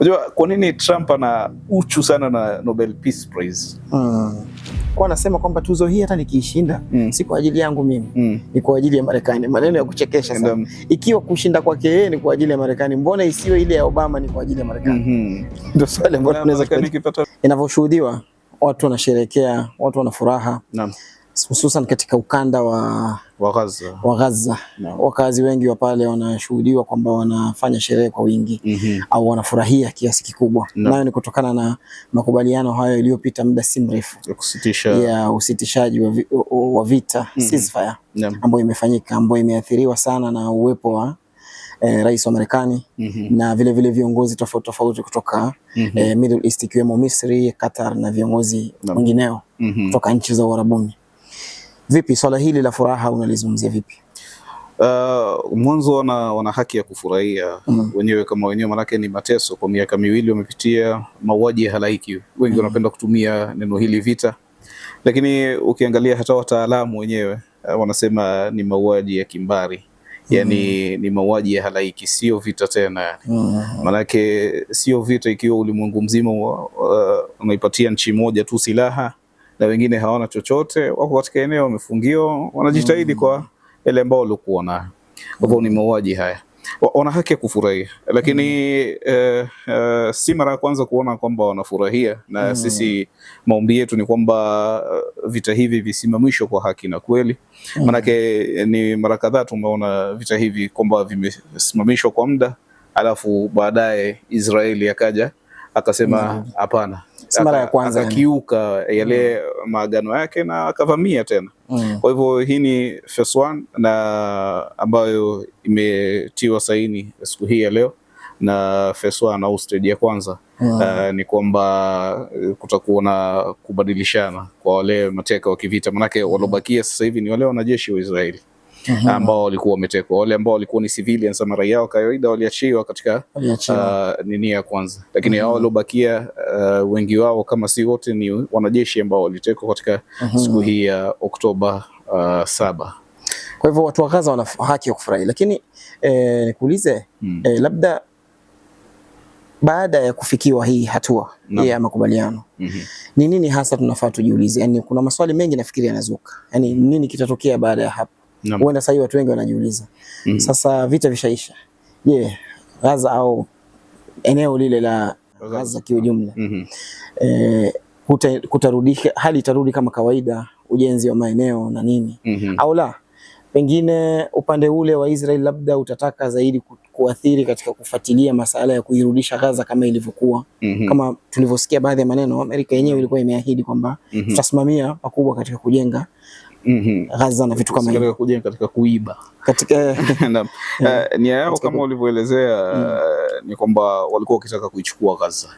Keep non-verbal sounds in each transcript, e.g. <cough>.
Unajua kwa nini Trump ana uchu sana na Nobel Peace Prize? Mm. Kwa anasema kwamba tuzo hii hata nikiishinda mm. si kwa ajili yangu mimi mm. ni kwa ajili ya Marekani. Maneno ya kuchekesha sana. Um, ikiwa kushinda kwake yeye ni kwa ajili ya Marekani, mbona isiwe ile ya Obama ni kwa ajili ya Marekani? Hmm. Ndio swali ambalo tunaweza kupata. Inavyoshuhudiwa watu wanasherehekea, watu wana furaha. Naam hususan katika ukanda wa, wa Gaza, wa Gaza. No. Wakazi wengi wa pale wanashuhudiwa kwamba wanafanya sherehe kwa wingi mm -hmm. au wanafurahia kiasi kikubwa no. Nayo ni kutokana na makubaliano hayo yaliyopita muda si mrefu ya ya usitishaji wa, wa vita mm -hmm. ceasefire no. ambayo imefanyika ambayo imeathiriwa sana na uwepo wa eh, rais wa Marekani mm -hmm. na vile vile viongozi tofauti tofauti kutoka mm -hmm. eh, Middle East ikiwemo Misri, Qatar na viongozi wengineo no. mm -hmm. kutoka nchi za Uarabuni Vipi swala hili la furaha unalizungumzia vipi? Uh, mwanzo wana, wana haki ya kufurahia mm. wenyewe kama wenyewe, maanake ni mateso kwa miaka miwili wamepitia mauaji ya halaiki. Wengi mm. wanapenda kutumia neno hili vita, lakini ukiangalia hata wataalamu wenyewe uh, wanasema ni mauaji ya kimbari yani mm. ni mauaji ya halaiki, sio vita tena mm. Manake sio vita ikiwa ulimwengu mzima uh, unaipatia nchi moja tu silaha na wengine hawana chochote, wako katika eneo wamefungiwa, wanajitahidi mm. kwa ile ambao walikuwa nayo. Kwa hivyo ni mauaji haya, wana haki ya kufurahia, lakini mm. eh, eh, si mara ya kwanza kuona kwamba wanafurahia na mm. sisi maombi yetu ni kwamba eh, vita hivi visimamishwe kwa haki na kweli, mm. manake eh, ni mara kadhaa tumeona vita hivi kwamba vimesimamishwa kwa muda, alafu baadaye Israeli akaja akasema mm. hapana mm si mara ya kwanza akiuka yale mm. maagano yake na akavamia tena mm. Kwa hivyo hii ni phase one na ambayo imetiwa saini siku hii ya leo na phase one au stage ya kwanza mm. Uh, ni kwamba kutakuwa na kubadilishana kwa wale mateka wa kivita manake, mm. walobakia sasa hivi ni wale wanajeshi wa Israeli. -hmm. ambao walikuwa wametekwa. Wale ambao walikuwa ni civilians ama raia wa kawaida waliachiwa katika uh, nini ya kwanza, lakini mm -hmm. hao waliobakia uh, wengi wao kama si wote ni wanajeshi ambao walitekwa katika mm -hmm. siku hii ya uh, Oktoba uh, saba. Kwa hivyo watu wa Gaza wana haki ya kufurahi, lakini eh, nikuulize mm. eh, labda baada ya kufikiwa hii hatua no. ya makubaliano mm -hmm. ni nini hasa tunafaa tujiulize? Yani, kuna maswali mengi nafikiri yanazuka, yani nini kitatokea baada ya hapo? Huenda sasa hivi watu wengi wanajiuliza mm -hmm. Sasa vita vishaisha, je, yeah, Gaza au eneo lile la Gaza kiujumla mm -hmm. e, kutarudisha hali itarudi kama kawaida, ujenzi wa maeneo na nini mm -hmm. au la, pengine upande ule wa Israel labda utataka zaidi kuathiri katika kufuatilia masala ya kuirudisha Gaza kama ilivyokuwa mm -hmm. kama tulivyosikia baadhi ya maneno, Amerika yenyewe ilikuwa imeahidi kwamba mm -hmm. tutasimamia pakubwa katika kujenga Ghaza mhm. na vitu kama hivyo, kujenga katika kuiba katika <laughs> <laughs> eh, nia yao kama ulivyoelezea mm. eh, ni kwamba walikuwa wakitaka kuichukua Gaza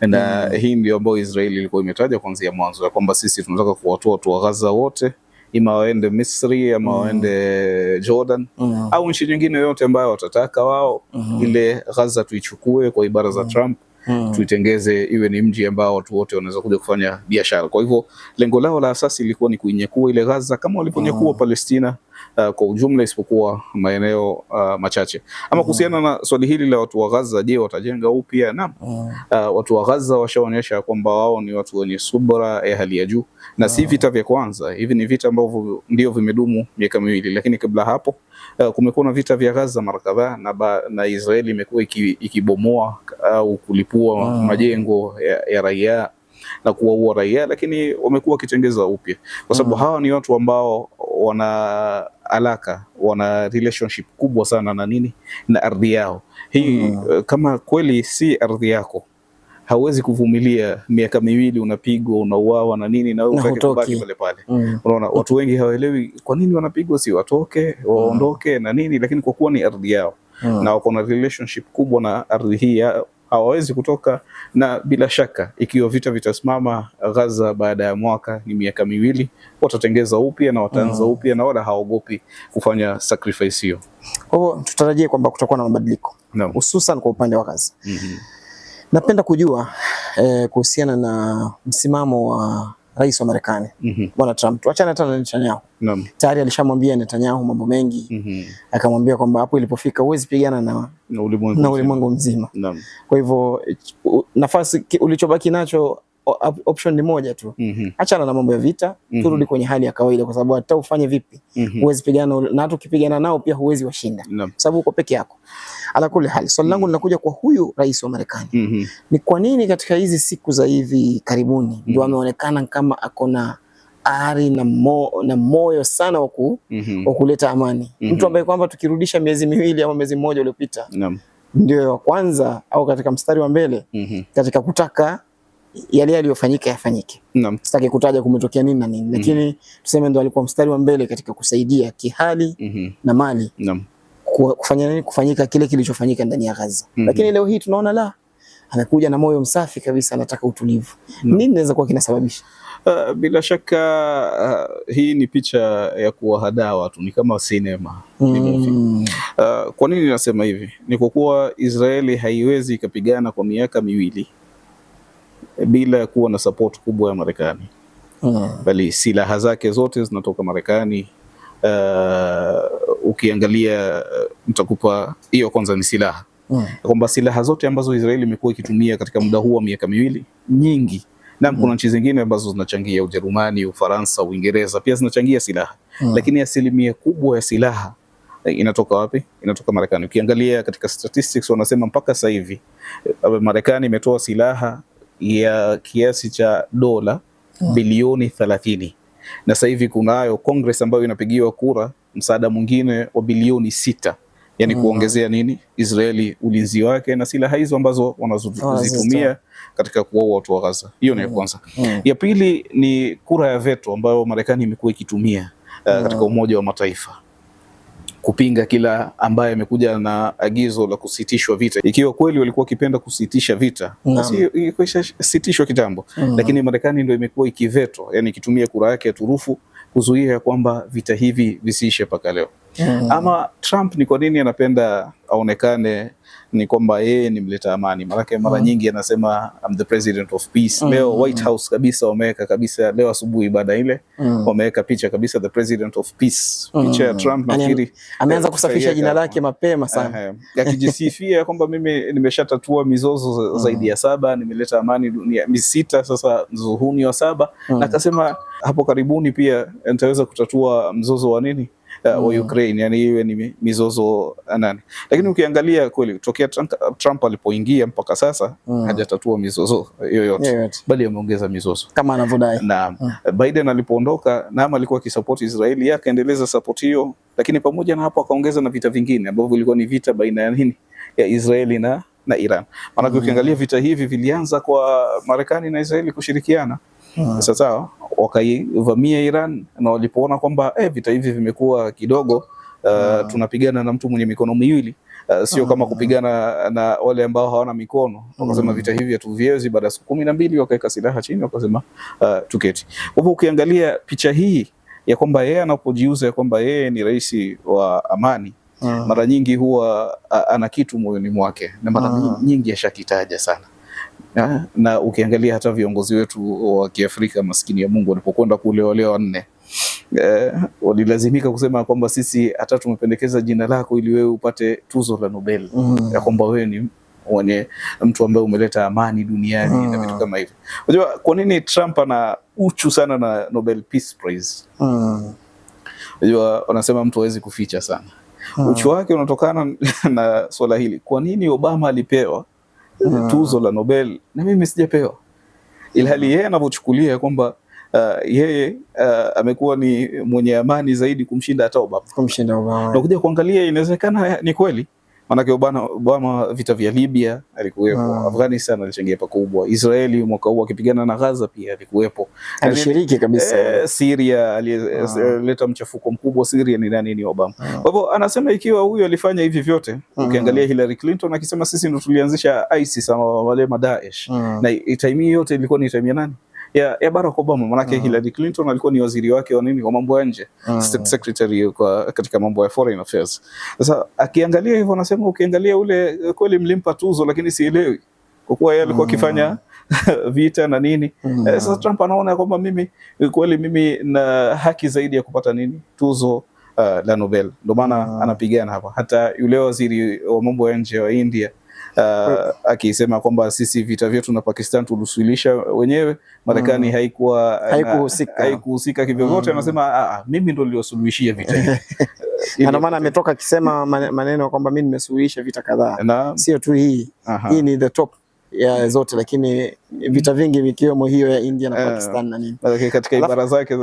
na mm. Eh, hii ndio ambayo Israeli ilikuwa imetaja kuanzia mwanzo ya kwamba sisi tunataka kuwatoa watu wa Gaza wote, ima waende Misri ama mm. waende Jordan mm. au nchi nyingine yoyote ambayo watataka wao mm. ile Gaza tuichukue kwa ibara za mm. Trump hmm. tuitengeze iwe ni mji ambao watu wote wanaweza kuja kufanya biashara. Kwa hivyo lengo lao la asasi ilikuwa ni kuinyakua ile Gaza kama walivyonyakua hmm. Palestina uh, kwa ujumla isipokuwa maeneo uh, machache. Ama mhm. kuhusiana na swali hili la watu wa Gaza, je, watajenga upya? Naam, mhm. uh, watu wa Gaza washaonyesha kwamba wao ni watu wenye subra ya hali ya juu na si mhm. vita vya kwanza. Hivi ni vita ambavyo ndio vimedumu miaka miwili, lakini kabla hapo uh, kumekuwa na vita vya Gaza mara kadhaa na, na Israeli imekuwa ikibomoa iki au uh, kulipua majengo ya, ya raia na kuwaua raia, lakini wamekuwa wakitengeza upya, kwa sababu hawa ni watu ambao wana alaka wana relationship kubwa sana na nini na ardhi yao hii. Mm. Eh, kama kweli si ardhi yako hawezi kuvumilia miaka miwili unapigwa unauawa na nini na wewe ukabaki pale pale. Mm. Unaona, watu wengi hawaelewi kwa nini wanapigwa, si watoke waondoke, mm. na nini, lakini kwa kuwa ni ardhi yao, mm. na wako na relationship kubwa na ardhi hii yao hawawezi kutoka, na bila shaka ikiwa vita vitasimama Gaza baada ya mwaka, ni miaka miwili, watatengeza upya na wataanza mm. upya na wala haogopi kufanya sacrifice hiyo. Kwa hivyo tutarajie kwamba kutakuwa na mabadiliko hususan no. kwa upande wa Gaza mm -hmm. Napenda kujua eh, kuhusiana na msimamo wa rais wa Marekani mm -hmm. Bwana Trump, tuachane hata na Netanyahu. Naam. Tayari alishamwambia Netanyahu mambo mengi mm -hmm. Akamwambia kwamba hapo ilipofika huwezi pigana na na ulimwengu mzima. Naam. Kwa hivyo nafasi ulichobaki nacho option ni moja tu. mm -hmm. Achana na mambo ya vita mm -hmm. Turudi kwenye hali ya kawaida, kwa sababu hata ufanye vipi mhm. huwezi mm -hmm. pigana na watu, ukipigana nao pia huwezi washinda no. sababu uko peke yako. Ala kule hali swali so, langu mm -hmm. linakuja kwa huyu rais wa Marekani mm -hmm. ni kwa nini katika hizi siku za hivi karibuni mhm. ndio mm -hmm. ameonekana kama akona ari na, mo, na moyo sana wa mm -hmm. kuleta amani mm -hmm. mtu ambaye kwamba tukirudisha miezi miwili au miezi mmoja uliopita no. ndio wa kwanza au katika mstari wa mbele mm -hmm. katika kutaka yale yaliyofanyika yafanyike. Naam. Sitaki kutaja kumetokea nini na nini, lakini mm -hmm. tuseme ndo alikuwa mstari wa mbele katika kusaidia kihali mm -hmm. na mali. Naam. Kufanya nini kufanyika kile kilichofanyika ndani ya Gaza. Mm -hmm. Lakini leo hii tunaona la amekuja na moyo msafi kabisa, anataka utulivu. Nini inaweza kuwa kinasababisha? Uh, bila shaka uh, hii ni picha ya kuwahadaa watu, ni kama sinema mm. Uh, kwa nini nasema hivi? Ni kwa kuwa Israeli haiwezi ikapigana kwa miaka miwili bila kuwa na support kubwa ya Marekani mm. bali silaha zake zote zinatoka Marekani. Uh, ukiangalia uh, nitakupa hiyo kwanza ni silaha mm. kwamba silaha zote ambazo Israeli imekuwa ikitumia katika muda huu wa miaka miwili nyingi na kuna mm. nchi zingine ambazo zinachangia, Ujerumani, Ufaransa, Uingereza pia zinachangia silaha mm. lakini asilimia kubwa ya silaha eh, inatoka wapi? Inatoka Marekani. Ukiangalia katika statistics wanasema mpaka sasa hivi eh, Marekani imetoa silaha ya kiasi cha dola mm. bilioni 30 na sasa hivi kunayo Congress ambayo inapigiwa kura msaada mwingine wa bilioni sita yani mm. kuongezea nini Israeli ulinzi wake na silaha hizo ambazo wanazozitumia katika kuwaua watu wa Gaza. Hiyo ni ya mm. kwanza mm. ya pili ni kura ya veto ambayo Marekani imekuwa ikitumia uh, katika mm. Umoja wa Mataifa kupinga kila ambaye amekuja na agizo la kusitishwa vita. Ikiwa kweli walikuwa wakipenda kusitisha vita, basi sitishwa kitambo. Naam. Lakini Marekani ndio imekuwa ikiveto, yani ikitumia kura yake ya turufu kuzuia ya kwamba vita hivi visiishe mpaka leo. Naam. Ama Trump ni kwa nini anapenda aonekane ni kwamba yeye ni mleta amani, maanake mara mm. nyingi anasema I'm the president of peace mm. Leo White mm. House kabisa wameweka kabisa, leo asubuhi baada ile mm. wameweka picha kabisa the president of peace mm. picha ya mm. Trump nafikiri eh, ameanza kusafisha jina lake mapema sana, akijisifia kwamba mimi nimeshatatua mizozo mm. zaidi ya saba, nimeleta amani dunia misita, sasa mzuhuni wa saba mm. na akasema hapo karibuni pia nitaweza kutatua mzozo wa nini uh, wa mm. Ukraine, yani iwe ni mizozo eh, nani, lakini ukiangalia kweli tokea Trump Trump alipoingia mpaka sasa mm. hajatatua mizozo yoyote yeah, bali ameongeza mizozo kama anavyodai. na mm. Biden alipoondoka, naam, alikuwa akisupport Israeli, akaendeleza support hiyo, lakini pamoja na hapo akaongeza na vita vingine ambavyo vilikuwa ni vita baina ya nini ya Israeli na na Iran. Maanake mm. ukiangalia mm. vita hivi vilianza kwa Marekani na Israeli kushirikiana. Mm. Sasa wakaivamia Iran na walipoona kwamba eh, vita hivi vimekuwa kidogo uh, uh, tunapigana na mtu mwenye mikono miwili uh, sio uh, kama ah. kupigana na wale ambao hawana mikono wakasema, uh, vita hivi hatuviwezi. Baada ya siku kumi na mbili wakaweka silaha chini wakasema, uh, tuketi. Kwa hivyo ukiangalia picha hii ya kwamba yeye anapojiuza ya kwamba yeye ni rais wa amani uh, mara nyingi huwa ana kitu moyoni mwake na mara uh, nyingi ashakitaja sana Ha, ah, na ukiangalia hata viongozi wetu wa Kiafrika maskini ya Mungu walipokwenda kule wale wanne eh, walilazimika kusema kwamba sisi hata tumependekeza jina lako ili wewe upate tuzo la Nobel mm. ya kwamba wewe ni mwenye mtu ambaye umeleta amani duniani mm. na vitu mm. kama hivyo. Unajua kwa nini Trump ana uchu sana na Nobel Peace Prize? Mm. Unajua mm. wanasema mtu hawezi kuficha sana mm. uchu wake unatokana <laughs> na swala hili. Kwa nini Obama alipewa mm. tuzo la Nobel na mimi sijapewa, ilhali yeye anavyochukulia kwamba Uh, yeye uh, amekuwa ni mwenye amani zaidi kumshinda hata Obama. Kumshinda Obama. Na kuja kuangalia inawezekana ni kweli manake Obama, Obama vita vya Libya alikuwepo, ah. Afghanistan alichangia pakubwa, Israeli mwaka huu akipigana na Gaza pia alikuwepo, alishiriki kabisa. E, Syria alileta eh, ah. Eh, mchafuko mkubwa Syria ni nani? Ni Obama. Ah. Kwa hivyo ah. anasema ikiwa huyu alifanya hivi vyote ah. ukiangalia Hillary Clinton akisema sisi ndo tulianzisha ISIS ama wale Madaesh ah. na time yote ilikuwa ni time nani? ya, ya Barack Obama manake, uh ah. -huh. Hillary Clinton alikuwa ni waziri wake wa nini, wa mambo ya nje uh ah. -huh. State Secretary kwa katika mambo ya foreign affairs. Sasa akiangalia hivyo anasema, ukiangalia ule eh, kweli mlimpa tuzo, lakini sielewi kwa kuwa yeye alikuwa ah. akifanya uh <laughs> -huh. vita na nini mm. Eh, sasa Trump anaona kwamba mimi eh, kweli mimi na haki zaidi ya kupata nini tuzo uh, la Nobel. Ndio maana mm. anapigana hapa. Hata yule waziri wa mambo ya nje wa India uh, akisema kwamba sisi vita vyetu na Pakistan tulisuilisha wenyewe, Marekani mm. haikuwa uh, haikuhusika haikuhusika kivyovyote. mm. Anasema ah, ah, mimi ndo niliwasuluhishia vita <laughs> ana maana ametoka akisema maneno kwamba mimi nimesuluhisha vita kadhaa, sio tu hii. Aha. hii ni the top ya zote, lakini vita vingi vikiwemo hiyo ya India na eh, Pakistan na nini. Lakini katika ibara zake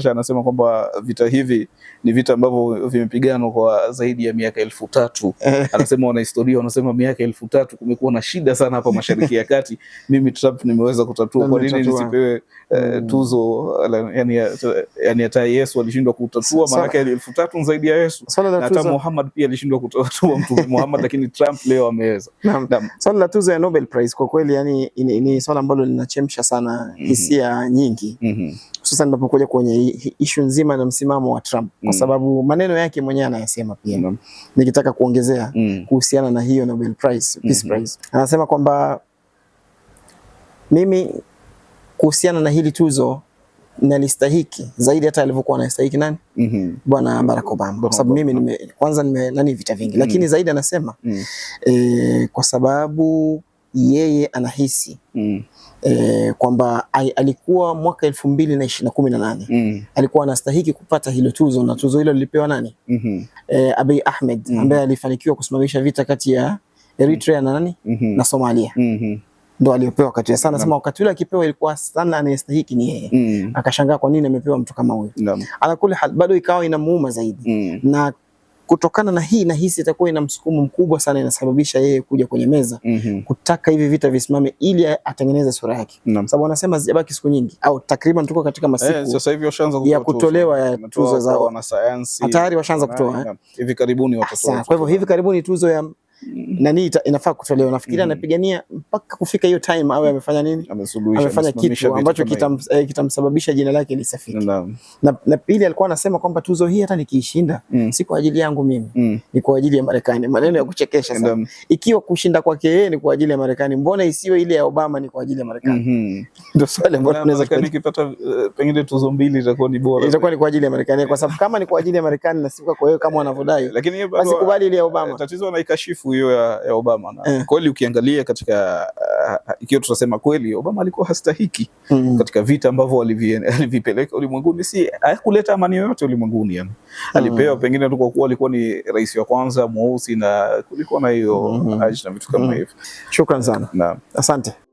cha anasema kwamba vita hivi ni vita ambavyo vimepiganwa kwa zaidi ya miaka elfu tatu. Eh. Anasema wanahistoria wanasema miaka elfu tatu kumekuwa na shida sana hapa Mashariki ya Kati. <laughs> Mimi Trump nimeweza kutatua, kwa nini nisipewe uh, tuzo yani, yani hata Yesu alishindwa kutatua, maanake elfu tatu zaidi ya Yesu. na Hata Muhammad pia alishindwa kutatua <laughs> mtu Muhammad, lakini Trump leo ameweza. Swala la tuzo ya Nobel Prize kwa kweli yani ni ni swala ambalo linachemsha sana mhm. hisia mm -hmm. nyingi mm -hmm. hususan tunapokuja kwenye ishu nzima na msimamo wa Trump kwa mhm. sababu maneno yake mwenyewe anayasema pia mm nikitaka kuongezea mm. kuhusiana na hiyo Nobel Prize, Peace mm -hmm. Prize. Anasema kwamba mimi kuhusiana na hili tuzo nalistahiki zaidi hata alivyokuwa anastahiki nani? mm -hmm. Bwana Barack Obama, kwa sababu mimi nime, kwanza nime nani vita vingi, lakini mm -hmm. zaidi anasema mm -hmm. e, kwa sababu yeye anahisi mm -hmm. e, kwamba alikuwa mwaka elfu mbili na kumi na nane mm -hmm. alikuwa anastahiki kupata hilo tuzo na tuzo hilo lilipewa nani? mm -hmm. e, Abiy Ahmed mm -hmm. ambaye alifanikiwa kusimamisha vita kati ya Eritrea na nani? mm -hmm. na Somalia mm -hmm ndo aliopewa wakati ule. Sana sema wakati ule akipewa ilikuwa sana anayestahiki ni yeye. Mm. Akashangaa kwa nini amepewa mtu kama huyo. Ala kule hal bado ikawa inamuuma zaidi. Mm. Na kutokana na hii nahisi itakuwa ina msukumo mkubwa sana, inasababisha yeye kuja kwenye meza mm -hmm. kutaka hivi vita visimame ili atengeneze sura yake sababu anasema zibaki siku nyingi au takriban tuko katika masiku eh, sasa hivi washaanza kutoa ya kutolewa ya tuzo za wanasayansi, ah, tayari washaanza kutoa eh? hivi karibuni. watatoa. Kwa hivyo hivi karibuni tuzo ya Mm. nani inafaa kutolewa. Nafikiria mm. anapigania mpaka kufika hiyo time awe amefanya nini, amefanya kitu ambacho eh, kitamsababisha jina lake lisafiki. Na na, pili, alikuwa anasema kwamba tuzo hii hata nikiishinda mm. si kwa ajili yangu mimi, ni kwa ajili ya Marekani. Maneno ya kuchekesha sana. Ikiwa kushinda kwake yeye ni kwa ajili ya Marekani, mbona isiwe ile ya Obama ni kwa ajili ya Marekani? Mhm. <laughs> Ndio swali ambalo tunaweza kupata. Eh, pengine tuzo mbili itakuwa ni bora, itakuwa ni kwa ajili ya Marekani, kwa sababu kama ni kwa ajili ya Marekani na si kwa yeye kama wanavyodai, basi kubali ile ya Obama. Eh, tatizo na ikashifu maarufu hiyo ya, ya Obama na yeah. Kweli ukiangalia katika uh, uh, ikiwa tutasema kweli Obama alikuwa hastahiki mm. katika vita ambavyo <laughs> alivipeleka ulimwenguni, si hakuleta amani yoyote ulimwenguni yani. mm. Alipewa pengine tu kwa kuwa alikuwa ni rais wa kwanza mweusi na kulikuwa na hiyo mm -hmm. na vitu kama hmm. hivyo Shukran sana na. Asante.